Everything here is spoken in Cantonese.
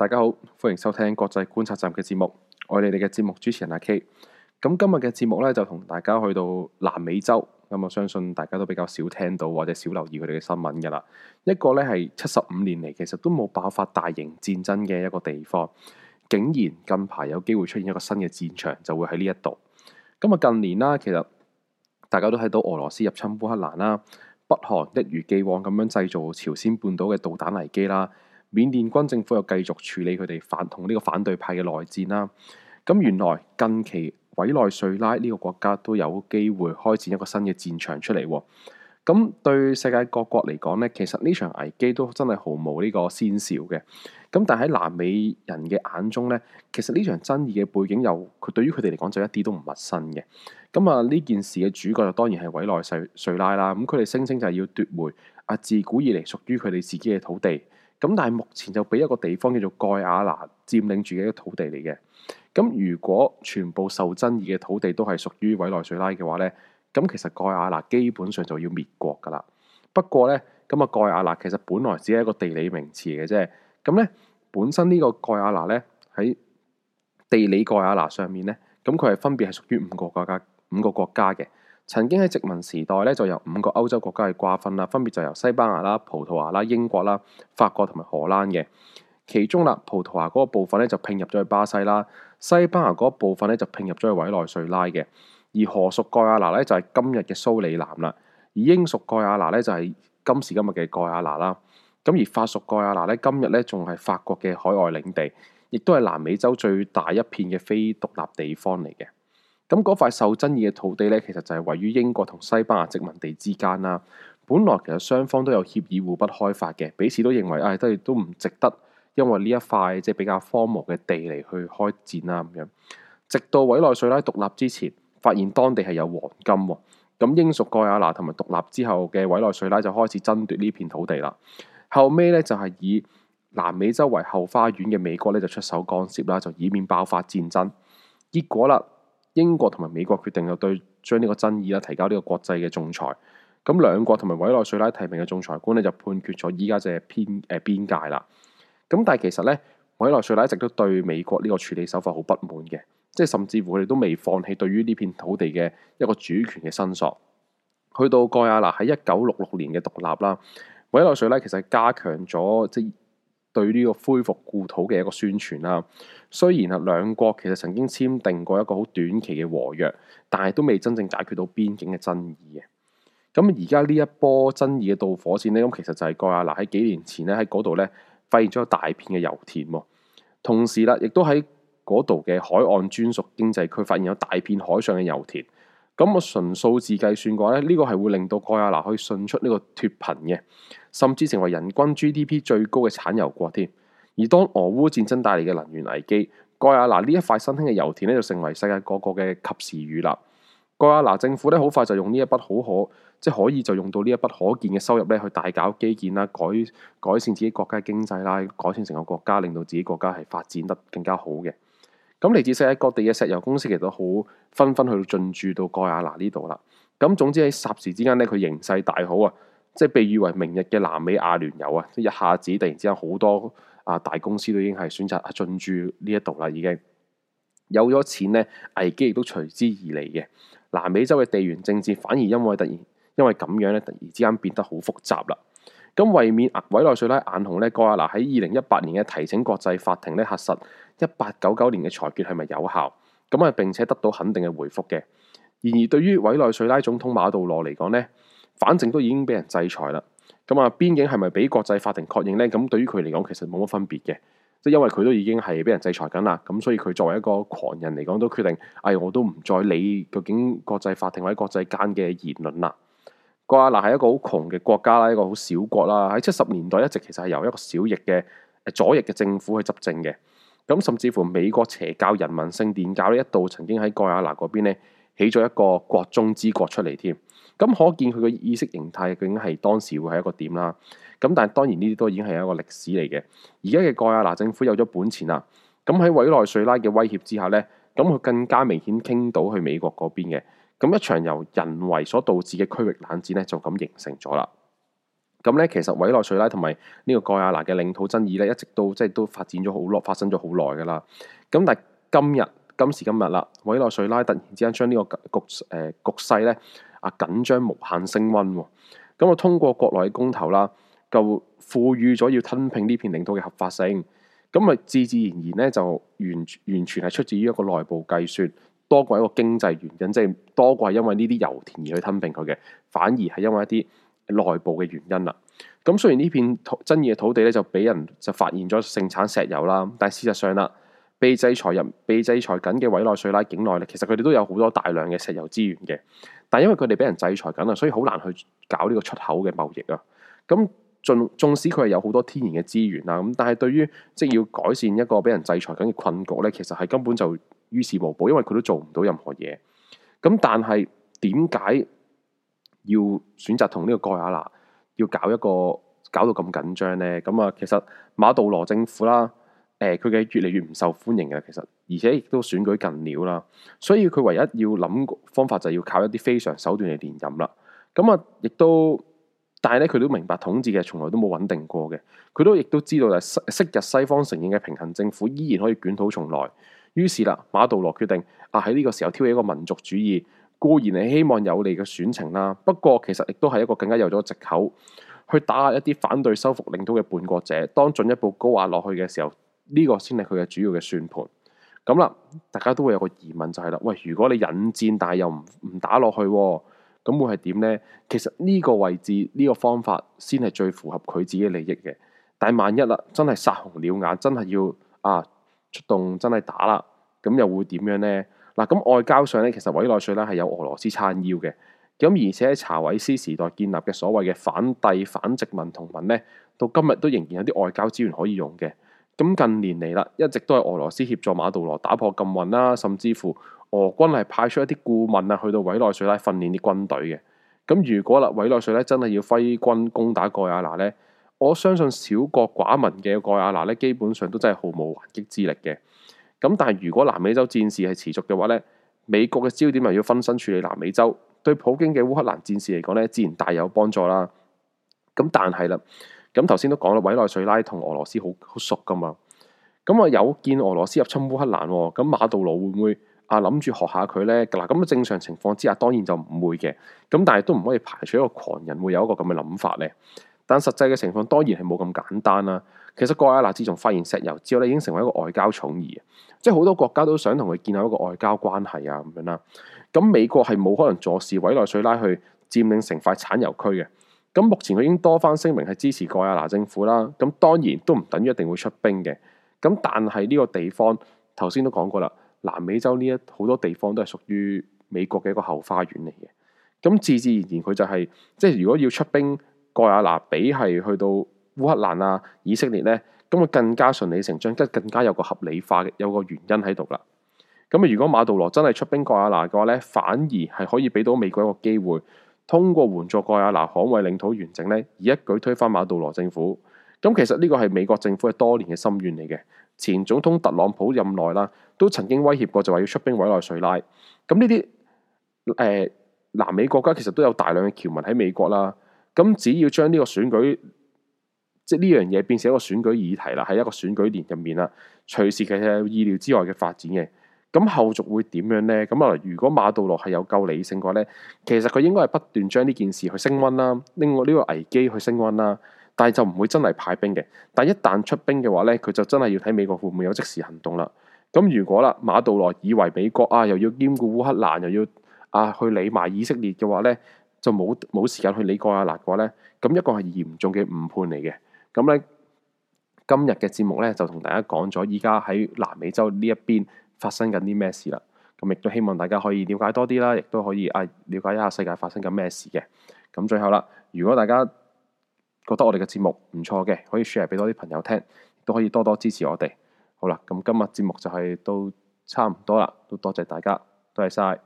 大家好，歡迎收聽國際觀察站嘅節目，我係你哋嘅節目主持人阿 K。咁今日嘅節目呢，就同大家去到南美洲，咁我相信大家都比較少聽到或者少留意佢哋嘅新聞噶啦。一個呢係七十五年嚟其實都冇爆發大型戰爭嘅一個地方，竟然近排有機會出現一個新嘅戰場，就會喺呢一度。咁啊，近年啦，其實大家都睇到俄羅斯入侵烏克蘭啦，北韓一如既往咁樣製造朝鮮半島嘅導彈危機啦。緬甸軍政府又繼續處理佢哋反同呢個反對派嘅內戰啦。咁原來近期委內瑞拉呢個國家都有機會開展一個新嘅戰場出嚟喎。咁對世界各國嚟講呢，其實呢場危機都真係毫無呢個先兆嘅。咁但係喺南美人嘅眼中呢，其實呢場爭議嘅背景又佢對於佢哋嚟講就一啲都唔陌生嘅。咁啊，呢件事嘅主角就當然係委內瑞瑞拉啦。咁佢哋聲稱就係要奪回啊自古以嚟屬於佢哋自己嘅土地。咁但係目前就俾一個地方叫做蓋亞那佔領住嘅一個土地嚟嘅。咁如果全部受爭議嘅土地都係屬於委內瑞拉嘅話咧，咁其實蓋亞那基本上就要滅國噶啦。不過咧，咁啊蓋亞那其實本來只係一個地理名詞嘅啫。咁咧，本身呢個蓋亞那咧喺地理蓋亞那上面咧，咁佢係分別係屬於五個國家五個國家嘅。曾經喺殖民時代咧，就由五個歐洲國家去瓜分啦，分別就由西班牙啦、葡萄牙啦、英國啦、法國同埋荷蘭嘅。其中啦，葡萄牙嗰個部分咧就拼入咗去巴西啦，西班牙嗰部分咧就拼入咗去委內瑞拉嘅。而荷屬蓋亞那咧就係今日嘅蘇里南啦，而英屬蓋亞那咧就係今時今日嘅蓋亞那啦。咁而法屬蓋亞那咧今日咧仲係法國嘅海外領地，亦都係南美洲最大一片嘅非獨立地方嚟嘅。咁嗰塊受爭議嘅土地咧，其實就係位於英國同西班牙殖民地之間啦。本來其實雙方都有協議互不開發嘅，彼此都認為啊、哎，都亦都唔值得因為呢一塊即係、就是、比較荒蕪嘅地嚟去開戰啦咁樣。直到委內瑞拉獨立之前，發現當地係有黃金喎、哦。咁英屬蓋亞那同埋獨立之後嘅委內瑞拉就開始爭奪呢片土地啦。後尾咧就係、是、以南美洲為後花園嘅美國咧就出手干涉啦，就以免爆發戰爭。結果啦～英國同埋美國決定就對將呢個爭議啦，提交呢個國際嘅仲裁。咁兩國同埋委內瑞拉提名嘅仲裁官咧，就判決咗依家就係邊、誒邊界啦。咁但係其實咧，委內瑞拉一直都對美國呢個處理手法好不滿嘅，即係甚至乎佢哋都未放棄對於呢片土地嘅一個主權嘅申索。去到蓋亞那喺一九六六年嘅獨立啦，委內瑞拉其實加強咗即。對呢個恢復故土嘅一個宣傳啦，雖然啊兩國其實曾經簽訂過一個好短期嘅和約，但係都未真正解決到邊境嘅爭議嘅。咁而家呢一波爭議嘅導火線呢，咁其實就係蓋亞那嗱，喺幾年前咧，喺嗰度呢發現咗大片嘅油田喎，同時啦，亦都喺嗰度嘅海岸專屬經濟區發現有大片海上嘅油田。咁我純數字計算過咧，呢個係會令到蓋亞那可以迅速呢個脫貧嘅，甚至成為人均 GDP 最高嘅產油國添。而當俄烏戰爭帶嚟嘅能源危機，蓋亞那呢一塊新興嘅油田咧，就成為世界各國嘅及時雨啦。蓋亞那政府咧，好快就用呢一筆好可即係可以就用到呢一筆可見嘅收入咧，去大搞基建啦，改改善自己國家嘅經濟啦，改善成個國家，令到自己國家係發展得更加好嘅。咁嚟自世界各地嘅石油公司，其實都好紛紛去到進駐到蓋亞那呢度啦。咁總之喺霎時之間咧，佢形勢大好啊，即係被譽為明日嘅南美亞聯油啊，即一下子突然之間好多啊大公司都已經係選擇進駐呢一度啦，已經有咗錢咧，危機亦都隨之而嚟嘅。南美洲嘅地緣政治反而因為突然因為咁樣咧，突然之間變得好複雜啦。咁、嗯、為免委內瑞拉眼紅呢，蓋亞那喺二零一八年嘅提請國際法庭咧，核實一八九九年嘅裁決係咪有效，咁啊並且得到肯定嘅回覆嘅。然而對於委內瑞拉總統馬杜羅嚟講呢，反正都已經俾人制裁啦，咁、嗯、啊邊境係咪俾國際法庭確認呢？咁對於佢嚟講其實冇乜分別嘅，即係因為佢都已經係俾人制裁緊啦，咁所以佢作為一個狂人嚟講都決定，哎我都唔再理究竟國際法庭或者國際間嘅言論啦。蓋亞那係一個好窮嘅國家啦，一個好小國啦。喺七十年代一直其實係由一個小翼嘅左翼嘅政府去執政嘅。咁甚至乎美國邪教人民聖殿教呢一度曾經喺蓋亞那嗰邊呢起咗一個國中之國出嚟添。咁可見佢嘅意識形態究竟係當時會係一個點啦。咁但係當然呢啲都已經係一個歷史嚟嘅。而家嘅蓋亞那政府有咗本錢啦。咁喺委內瑞拉嘅威脅之下呢，咁佢更加明顯傾到去美國嗰邊嘅。咁一場由人為所導致嘅區域冷戰咧，就咁形成咗啦。咁咧，其實委內瑞拉同埋呢個蓋亞那嘅領土爭議咧，一直都即係都發展咗好耐，發生咗好耐噶啦。咁但係今日今時今日啦，委內瑞拉突然之間將呢個局誒、呃、局勢咧啊緊張無限升溫。咁我通過國內嘅公投啦，就賦予咗要吞併呢片領土嘅合法性。咁咪自自然然咧，就完完全係出自於一個內部計算。多過一個經濟原因，即係多過係因為呢啲油田而去吞併佢嘅，反而係因為一啲內部嘅原因啦。咁雖然呢片爭議嘅土地咧就俾人就發現咗盛產石油啦，但係事實上啦，被制裁入被制裁緊嘅委內瑞拉境內咧，其實佢哋都有好多大量嘅石油資源嘅，但係因為佢哋俾人制裁緊啊，所以好難去搞呢個出口嘅貿易啊。咁縱縱使佢係有好多天然嘅資源啦，咁但係對於即係要改善一個俾人制裁緊嘅困局咧，其實係根本就。於事無補，因為佢都做唔到任何嘢。咁但係點解要選擇同呢個蓋亞那要搞一個搞到咁緊張呢？咁啊，其實馬杜羅政府啦，誒佢嘅越嚟越唔受歡迎嘅，其實而且亦都選舉近了啦。所以佢唯一要諗方法就係要靠一啲非常手段嚟連任啦。咁啊，亦都但係咧，佢都明白統治嘅從來都冇穩定過嘅，佢都亦都知道係昔日西方承認嘅平衡政府依然可以捲土重來。於是啦，馬杜羅決定啊，喺呢個時候挑起一個民族主義，固然係希望有利嘅選情啦。不過其實亦都係一個更加有咗藉口去打壓一啲反對收復領土嘅叛國者。當進一步高壓落去嘅時候，呢個先係佢嘅主要嘅算盤。咁啦，大家都會有個疑問就係啦，喂，如果你引戰，但係又唔唔打落去，咁會係點呢？其實呢個位置呢個方法先係最符合佢自己利益嘅。但係萬一啦，真係殺紅了眼，真係要啊～出動真係打啦，咁又會點樣呢？嗱，咁外交上咧，其實委內瑞拉係有俄羅斯撐腰嘅，咁而且喺查韋斯時代建立嘅所謂嘅反帝反殖民同盟咧，到今日都仍然有啲外交資源可以用嘅。咁近年嚟啦，一直都係俄羅斯協助馬杜羅打破禁運啦，甚至乎俄軍係派出一啲顧問啊，去到委內瑞拉訓練啲軍隊嘅。咁如果啦，委內瑞拉真係要揮軍攻打蓋亞那咧？我相信小國寡民嘅蓋亞那咧，基本上都真係毫無還擊之力嘅。咁但係如果南美洲戰事係持續嘅話咧，美國嘅焦點係要分身處理南美洲，對普京嘅烏克蘭戰事嚟講咧，自然大有幫助啦。咁但係啦，咁頭先都講啦，委內瑞拉同俄羅斯好好熟噶嘛。咁啊有見俄羅斯入侵烏克蘭喎、哦，咁馬杜羅會唔會啊諗住學下佢咧？嗱，咁正常情況之下當然就唔會嘅。咁但係都唔可以排除一個狂人會有一個咁嘅諗法咧。但實際嘅情況當然係冇咁簡單啦。其實蓋亞那自從發現石油之後咧，已經成為一個外交寵兒，即係好多國家都想同佢建立一個外交關係啊咁樣啦。咁美國係冇可能坐視委內瑞拉去佔領成塊產油區嘅。咁目前佢已經多番聲明係支持蓋亞那政府啦。咁當然都唔等於一定會出兵嘅。咁但係呢個地方頭先都講過啦，南美洲呢一好多地方都係屬於美國嘅一個後花園嚟嘅。咁自自然然佢就係、是、即係如果要出兵。蓋亞那比係去到烏克蘭啊、以色列呢，咁啊更加順理成章，即係更加有個合理化嘅有個原因喺度啦。咁啊，如果馬杜羅真係出兵蓋亞那嘅話呢，反而係可以俾到美國一個機會，通過援助蓋亞那，捍衛領土完整呢，而一舉推翻馬杜羅政府。咁其實呢個係美國政府係多年嘅心願嚟嘅。前總統特朗普任內啦，都曾經威脅過就話要出兵委內瑞拉。咁呢啲誒南美國家其實都有大量嘅僑民喺美國啦。咁只要將呢個選舉，即呢樣嘢變成一個選舉議題啦，喺一個選舉年入面啦，隨時其實意料之外嘅發展嘅。咁後續會點樣呢？咁啊，如果馬杜羅係有夠理性嘅話咧，其實佢應該係不斷將呢件事去升溫啦，令外呢個危機去升溫啦。但係就唔會真係派兵嘅。但係一旦出兵嘅話呢，佢就真係要睇美國會唔會有即時行動啦。咁如果啦，馬杜羅以為美國啊又要兼顧烏克蘭，又要啊去理埋以色列嘅話呢。就冇冇時間去理個啊嗱個呢，咁一個係嚴重嘅誤判嚟嘅。咁呢，今日嘅節目呢，就同大家講咗，依家喺南美洲呢一邊發生緊啲咩事啦。咁亦都希望大家可以了解多啲啦，亦都可以啊了解一下世界發生緊咩事嘅。咁最後啦，如果大家覺得我哋嘅節目唔錯嘅，可以 share 俾多啲朋友聽，亦都可以多多支持我哋。好啦，咁今日節目就係都差唔多啦，都多謝大家，多謝晒。